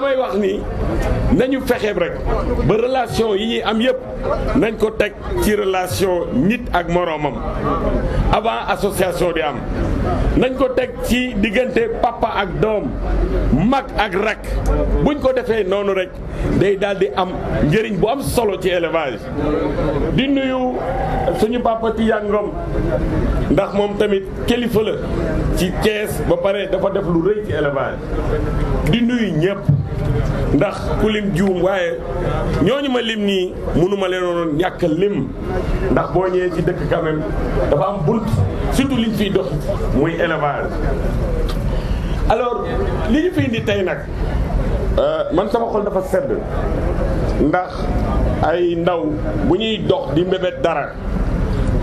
damay wax ni nañu fexe rek ba relation yi ñuy am yëpp nañ ko teg ci relation nit ak moroomam avant association di am nañ ko teg ci diggante papa ak doom mag ak rak buñ ko defee noonu rek day daal di am njëriñ bu am solo ci élevage di nuyu suñu papa Tidiane Ngom ndax moom tamit kilifa la ci Thiès ba pare dafa def lu rëy ci élevage di nuyu ñëpp ndax ku lim juum waaye ñooñu ma lim nii mënuma leenoon ñàkk lim ndax boo ñëwee ci dëkk quand dafa am bunt surtout liñ fiy dox muy élevage alors li ñu fi indi tey nag euh, man sama xol dafa sedd ndax ay ndaw bu ñuy dox di mbébét dara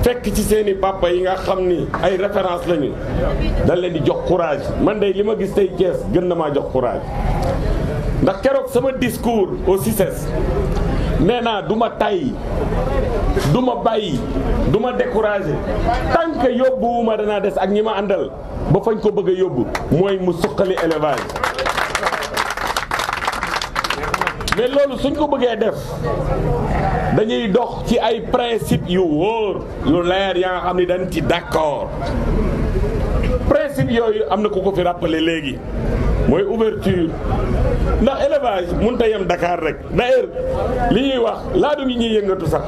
fekk ci seen i papa yi nga xam ni ay référence lañu dañ leen di jox courage man de li ma gis tey Thiès gën na maa jox courage ndax keroog sama discours au CICES e nee naa du ma tay du ma bàyyi duma ma découragé tant que yóbbuwuma danaa des ak ñi ma àndal ba fañ ko bëgg a yóbbu mooy mu suqali élevage mais loolu suñ ko bëggee def dañuy dox ci ay principe yu wóor yu leer yaa nga xam ni dañ ci d'accord principe yooyu am na ku ko fi rappelé léegi mooy ouverture ndax élevage mënut a yem dakaar rek d'ailleurs li ñuy wax laadum yi ñuy yëngatu sax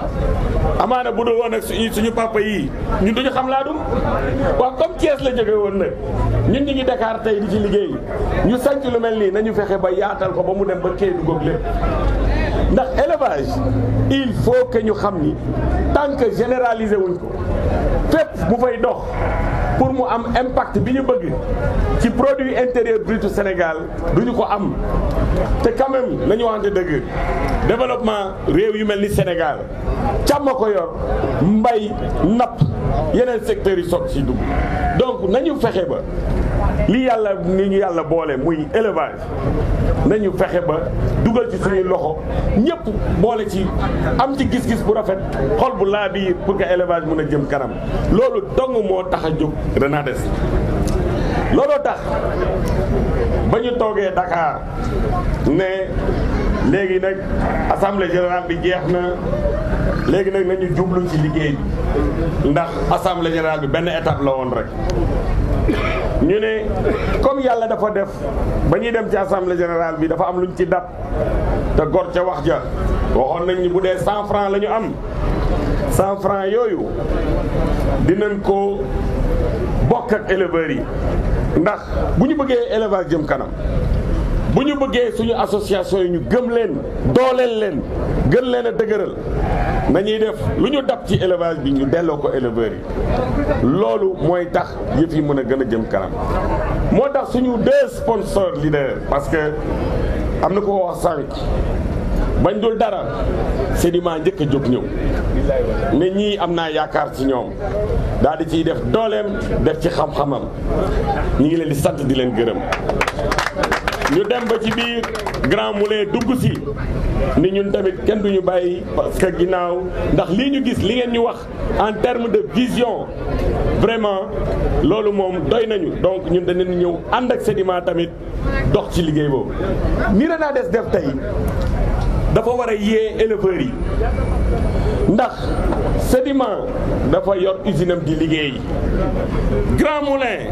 amaane bu dul woon ak suñu papa yi ñun duñu xam laadum waa comme Thiès la jóge woon nag ñun ñi ngi Dakar tey di ci liggéey ñu sanc lu mel nii nañu fexe ba yaatal ko ba mu dem ba Kédougou ak lépp ndax élevage il faut que ñu xam ni tant que généraliser wuñ ko fépp bu fay dox pour mu am impact bi ñu bëgg ci produit intérieur brut Sénégal du ñu ko am te quand même la waxante dëgg développement réew yu mel ni Sénégal càmm ko yor mbay napp yeneen secteurs yi soog si dugg donc nañu fexe ba li yàlla ni ñu yàlla boole muy élevage nañu fexe ba dugal ci suñuy loxo ñëpp boole ci am ci gis-gis bu rafet xol bu laa bi pour que élevage mun a jëm kanam loolu dong moo tax a jóg Renades looloo tax ba ñu toogee Dakar ne léegi nag assemblée générale bi jeex na léegi nag nañu jublu ci liggéey ndax assemblée générale bi benn étape la woon rek ñu ne comme yàlla dafa def ba ñuy dem ci assemblée générale bi dafa am lu ñu ci dat te gor ca wax ja waxoon nañ ni bu dee cent francs la ñu am cent francs yooyu dinañ ko bokk ak éleveurs yi ndax bu ñu bëggee élevage jëm kanam bu ñu bëggee suñu association yi ñu gëm leen dooleel leen gën leen a dëgëral nañuy def lu ñu dab ci élevage bi ñu delloo ko éleveurs yi loolu mooy tax yëf yi mën a gën a jëm kanam moo tax suñu deux sponsors leader parce que am na ko wax sànq bañ dul dara sédiment njëkk jóg ñëw ne ñii am naa yaakaar ci ñoom daal di ciy def dooleel def ci xam-xamam ñu ngi leen di sant di leen gërëm ñu dem ba ci biir Grand Moulin dugg si ni ñun tamit kenn duñu bàyyi parce que ginnaaw ndax lii ñu gis li ngeen ñu wax en terme de vision vraiment loolu moom doy nañu donc ñun dañu ñëw ànd ak Sedima tamit dox ci liggéey boobu. ni la des def tey dafa war a yee éleveurs yi ndax Sedima dafa yor usine am di liggéey Grand Moulin.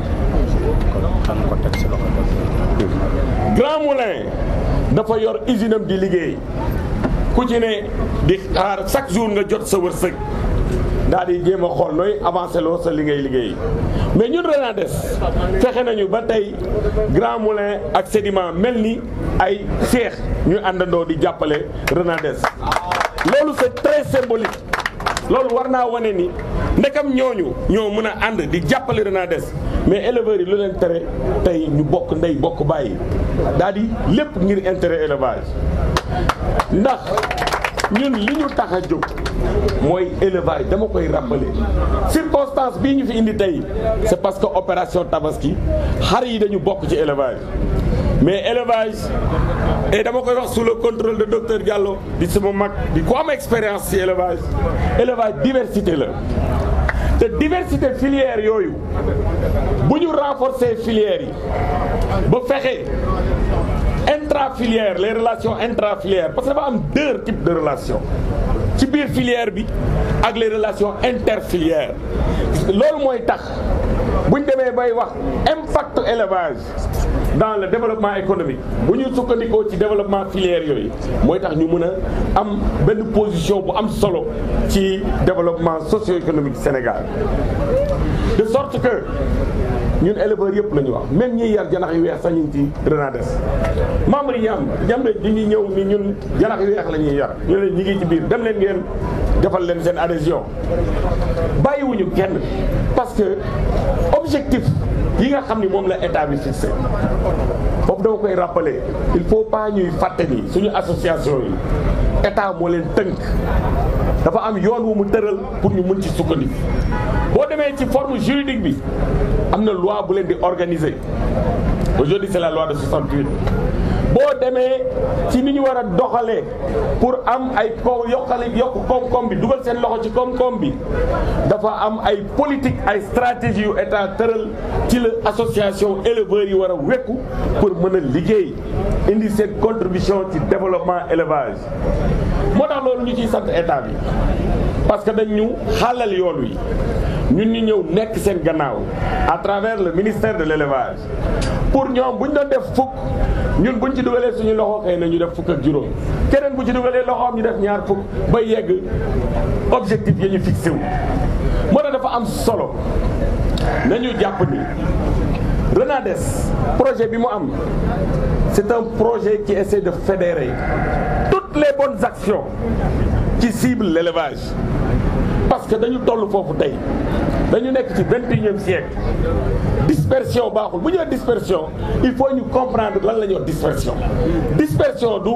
Grand Moulin dafa yor usine am di liggéey ku ci ne di xaar chaque jour nga jot sa wërsëg daal di jéem a xool nooy avancé loo sa li ngay liggéey mais ñun Renades fexe nañu ba tey Grand Moulin ak Sedima mel ni ay seex ñu àndandoo di jàppale Renades loolu c'est très symbolique loolu war naa wane ni ndekam ñooñu ñoo mën a ànd di jàppale des mais éleveur yi lu leen tere tey ñu bokk ndey bokk bàyyi daal di lépp ngir intérêt élevage ndax ñun li ñu tax a jóg mooy élevage dama koy rappeler circonstance bii ñu fi indi tey c'est parce que opération tabaski xar yi dañu bokk ci élevage mais élevage et dama koy wax sous le contrôle de docteur Diallo di sama mag di ko am expérience ci élevage élevage diversité la la diversité filière si on renforce renforcer filière ba intra filière les relations intra-filières, parce que y avons deux types de relations ci biir filière bi les relations interfilières filières c'est tax bu ñu demee bay wax impact élevage dans le développement économique bu ñu sukkandikoo ci développement filière yoy nous tax ñu position bu am solo développement socio-économique Sénégal de sorte que ñun éleveurs yépp la wax même ñi yar janax yi wéx sañu ci Renades di ni ñun parce que objectif yi nga xam ni moom la état bi fixé boobu dama koy rappeler il faut pas ñuy fàtte ni suñu association yi état moo leen tënk dafa am yoon wu mu tëral pour ñu mun ci sukkandiku boo demee ci forme juridique bi am na loi bu leen di organiser aujourd'hui c'est la loi de 68 boo demee ci ni ñu war a doxalee pour am ay ko yokkale yokk koom-koom bi dugal seen loxo ci koom-koom bi dafa am ay politique ay stratégie yu état tëral ci la association éleveurs yi war a wekku pour mën a liggéey indi seen contribution ci développement élevage moo tax loolu ñu ciy sant état bi parce que dañ ñu xalal yoon wi ñun ñu ñëw nekk seen gannaaw à travers le ministère de l'élevage pour ñoom buñ ñu doon def fukk ñun buñ ci dugalee suñu loxo xëy na ñu def fukk ak juróom keneen bu ci dugalee loxoom ñu def ñaar fukk ba yegg objectif yi ñu fixé wu. moo tax dafa am solo nañu jàpp ni Renades projet bi mu am c'est un projet qui essaie de fédérer. toutes les bonnes actions ci cible l'élevage parce que dañu toll foofu tey dañu nekk ci 21e siècle dispersion baaxul bu ñu dispersion il faut ñu comprendre lan la ñu wax dispersion dispersion du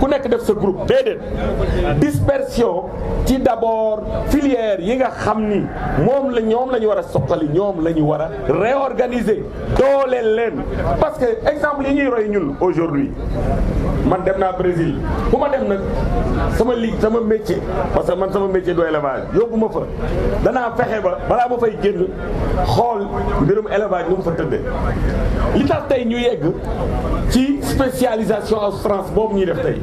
ku nekk def sa groupe déedéet dispersion ci d'abord filière yi nga xam ni moom la ñoom la ñu war a soqali ñoom la ñu war a réorganiser dooleel leen parce que exemple yi ñuy roy ñun aujourd'hui man dem naa Brésil bu ma dem nag sama lig sama métier parce que man sama métier doy la élevage yóbbu ma fa danaa fexe ba balaa fay nous xol mbirum élevage ñu fa li tax spécialisation en France bobu ñu def tay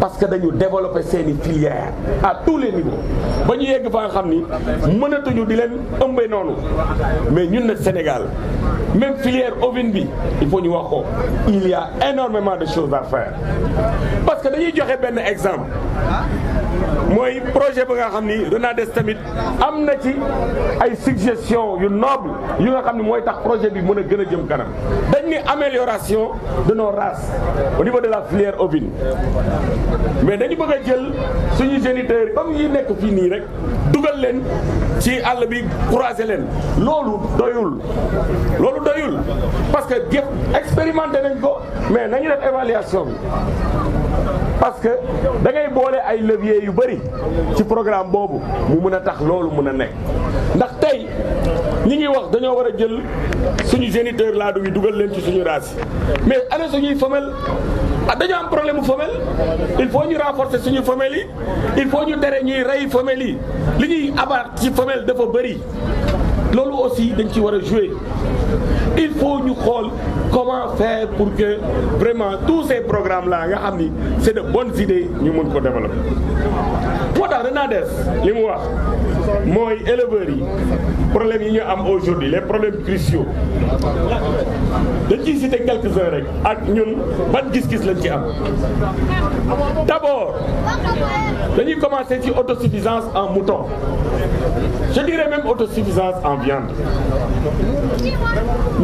parce que dañu développer ces filière à tous les niveaux ba ñu yegg fa xamni di leen ëmbé nonu mais ñun Sénégal même filière ovine il faut ñu il y a énormément de choses à faire parce que dañuy joxe un exemple moy projet ba nga xam ni Renades tamit amna ci ay suggestion yu noble yu nga xamni moy tax projet bi meuna gëna gën a jëm kanam dañ ni amélioration de nos races au niveau de la filière ovine mais dañu bëgg jël suñu géniteurs comme yi nekk fi ni rek duggal leen ci àll bi croiser leen lolu doyul lolu doyul parce que gépp expérimenté nañ ko mais nañu def évaluation parce que da ngay boole ay levier yu bëri ci programme boobu mu mën a tax loolu mën a nekk ndax tey ñi ngi wax dañoo war a jël suñu géniteur laadu yi dugal leen ci suñu race mais ana suñuy femelle ah dañoo am problème mu femelle il faut ñu renforcer suñu femelle yi il faut ñu dere ñuy rey femelle yi li ñuy abaat ci femelle dafa bëri lolu aussi dañ ci wara jouer il faut ñu xol comment faire pour que vraiment tous ces programmes là c'est de bonnes idées ñu mën ko développer moo tax danaa des problèmes yi nous avons aujourd'hui les problèmes cruciaux dañ ciy citer quelques-uns rek ak ñun ban d'abord dañuy commencer autosuffisance en moutons. je dirais même autosuffisance en viande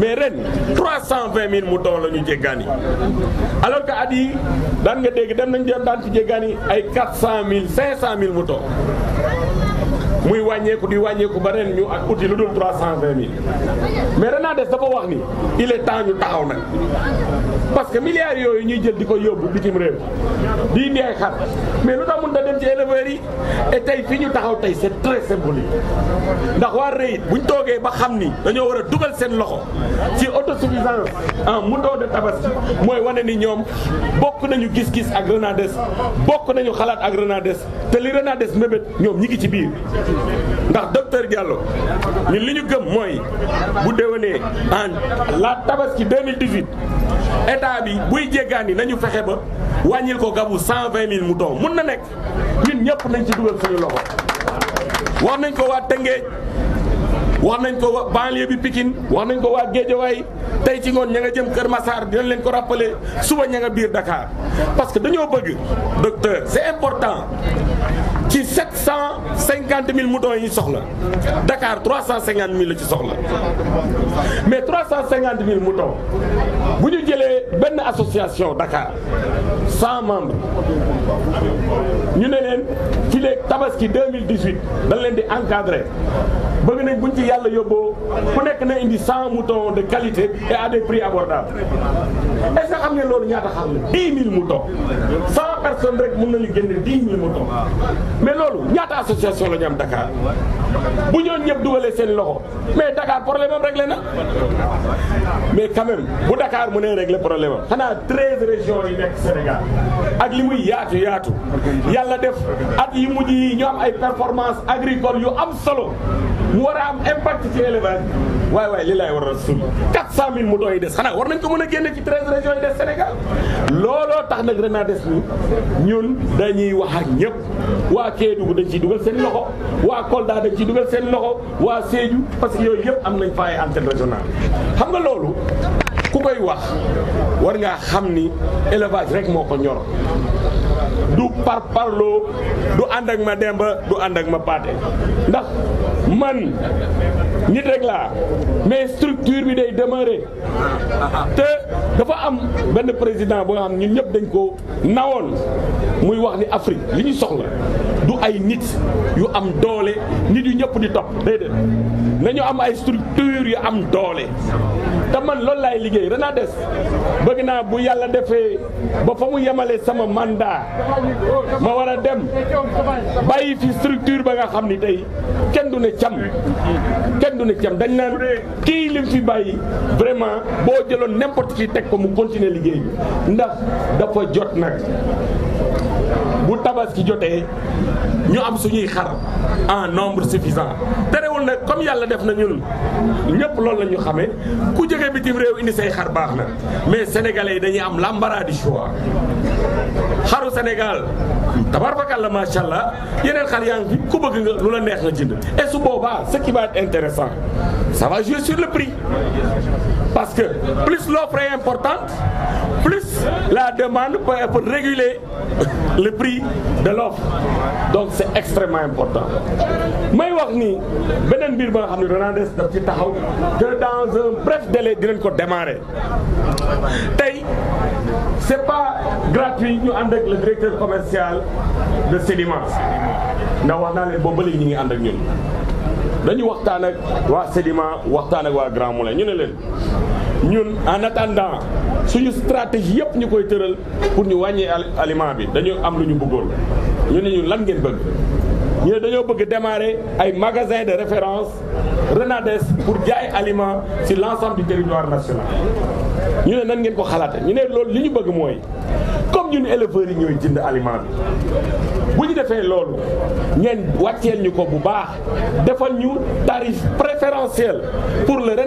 mais Rennes, 320 000 moutons la alors que a a daan nga 400 000 500 000 moutons muy wàññeeku di wàññeeku ba ren ñu ak outil lu dul 320000 mais Renades dafa wax ni il est temps ñu taxaw na parce que milliards yooyu ñuy jël di ko yóbbu bitim réew di indi ay xar mais lu tax mun da dem ci éleveurs yi et tey fii ñu taxaw tey c'est très symbolique ndax waa bu buñ toogee ba xam ni dañoo war a dugal seen loxo ci autosuffisance en mouton de tabaski mooy wane ni ñoom bokk nañu gis-gis ak des bokk nañu xalaat ak des te li Renades mébét ñoom ñi ngi ci biir ndax docteur Diallo ñun li ñu gëm mooy bu déwénee en la tabaski 2018 état bi buy jéggaani nañu fexe ba wàññil ko gabu mu moutons mun na nekk ñun ñëpp nañ ci dugal suñu loxo. wax nañ ko waa Tëngéej wax nañ ko waa banlieue bi Pikine wax nañ ko waa Guédiawaye tey ci ngoon ña nga jëm Kër Massar dinañ leen ko rappeler suba ña nga biir Dakar parce que dañoo bëgg docteur c'est important. ci 750 000 moutons yi soxla Dakar 350 000 ci mais 350 000 moutons. Vous nous direz, une association Dakar, 100 membres. Nous sommes qui est Tabaski 2018, dans l'un encadrés. Vous nous avons il y a 100 moutons de qualité et à des prix abordables. Et ça, comme il y a 10 000 moutons. 100 personnes qui ont nom, 10 000 moutons. Mais vous, il y a une association de Dakar. Vous avez pas doué les seuls Mais Dakar, pour les mêmes règles, Mais quand même, vous Dakar, Dakar mu ne régler problème am xanaa treize régions yi nekk Sénégal ak li muy yaatu yaatu yàlla def at yi mujj yi ñu am ay performance agricole yu am solo mu war a am impact ci élevage waay waay li laay war a suul mille mu dooy des xanaa war nañ ko mën a génne ci 13 régions yi des Sénégal looloo tax nag Renades ni ñun dañuy wax ak ñëpp waa Kédougou dañ ciy dugal seen loxo waa Kolda dañ ciy dugal seen loxo waa Sédhiou parce que yooyu yëpp am nañ fa ay antenne xam nga loolu ku koy wax war nga xam ni élevage rek moko ñor du par parlo du and ak ma demba du and ak ma paté ndax man nit rek la mais structure bi day demeurer te dafa am benn président bo xam ñun ñëpp dañ ko nawon muy wax ni afrique li ñu soxla du ay nit yu am doole nit yu ñëpp di topp déedéet nañu am ay structure yu am doole te man loolu laay liggéey des bëgg naa bu yàlla defee ba fa mu yemale sama mandat ma war a dem bàyyi fi structure ba nga xam ni tey kenn du ne cam kenn du ne cam dañ naan kii lim fi bàyyi vraiment boo jëloon n'importe qui teg ko mu continuer liggéey bi ndax dafa jot nag gi jotee ñu am suñuy xar en nombre suffisant terewul nag comme yàlla def na ñun ñëpp loolu la ñu xamee ku jóge bitim réew indi say xar baax na mais sénégalais dañuy am l'embarras du choix xaru Sénégal tabarakalla macha allah yeneen xar yaa ngi fi ku bëgg nga lu neex nga jënd et su ce qui va être intéressant ça va jouer sur le prix parce que plus l'offre est importante plus la demande peut réguler le prix de l'offre donc c'est extrêmement important Mais wax ni beneen mbir que dans un bref délai dinañ ko démarrer Ce n'est pas gratuit nous sommes le directeur commercial de sédiments. Nous avons les bombes qui nous nous. Nous ngi ànd ak ñun dañu Grand Moulin ñun en attendant suñu stratégie yëpp ñu koy tëral pour ñu wàññi aliment bi dañu am lu ñu bëggoon ñu ne ñu lan ngeen bëgg ñu ne dañoo bëgg démarrer ay magasin de référence Renades pour jaay aliment ci l'ensemble du territoire national ñu ne nan ngeen ko xalaate ñu ne lool li ñu bëgg mooy comme ñu éleveurs yi ñooy jënd aliment bi bu ñu defee loolu ngeen wàcceel ñu ko bu baax defal ñu tarif préférentiel pour le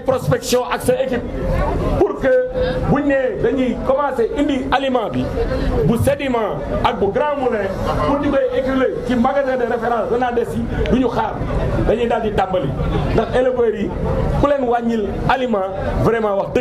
prospection avec équipe pour que vous n'ayez dañuy commencer indi aliment vous bu sédiment ak bu grand moulin pour magasin de référence Renades que pas dans xaar dañuy daal di ndax Vous yi aliment vraiment wax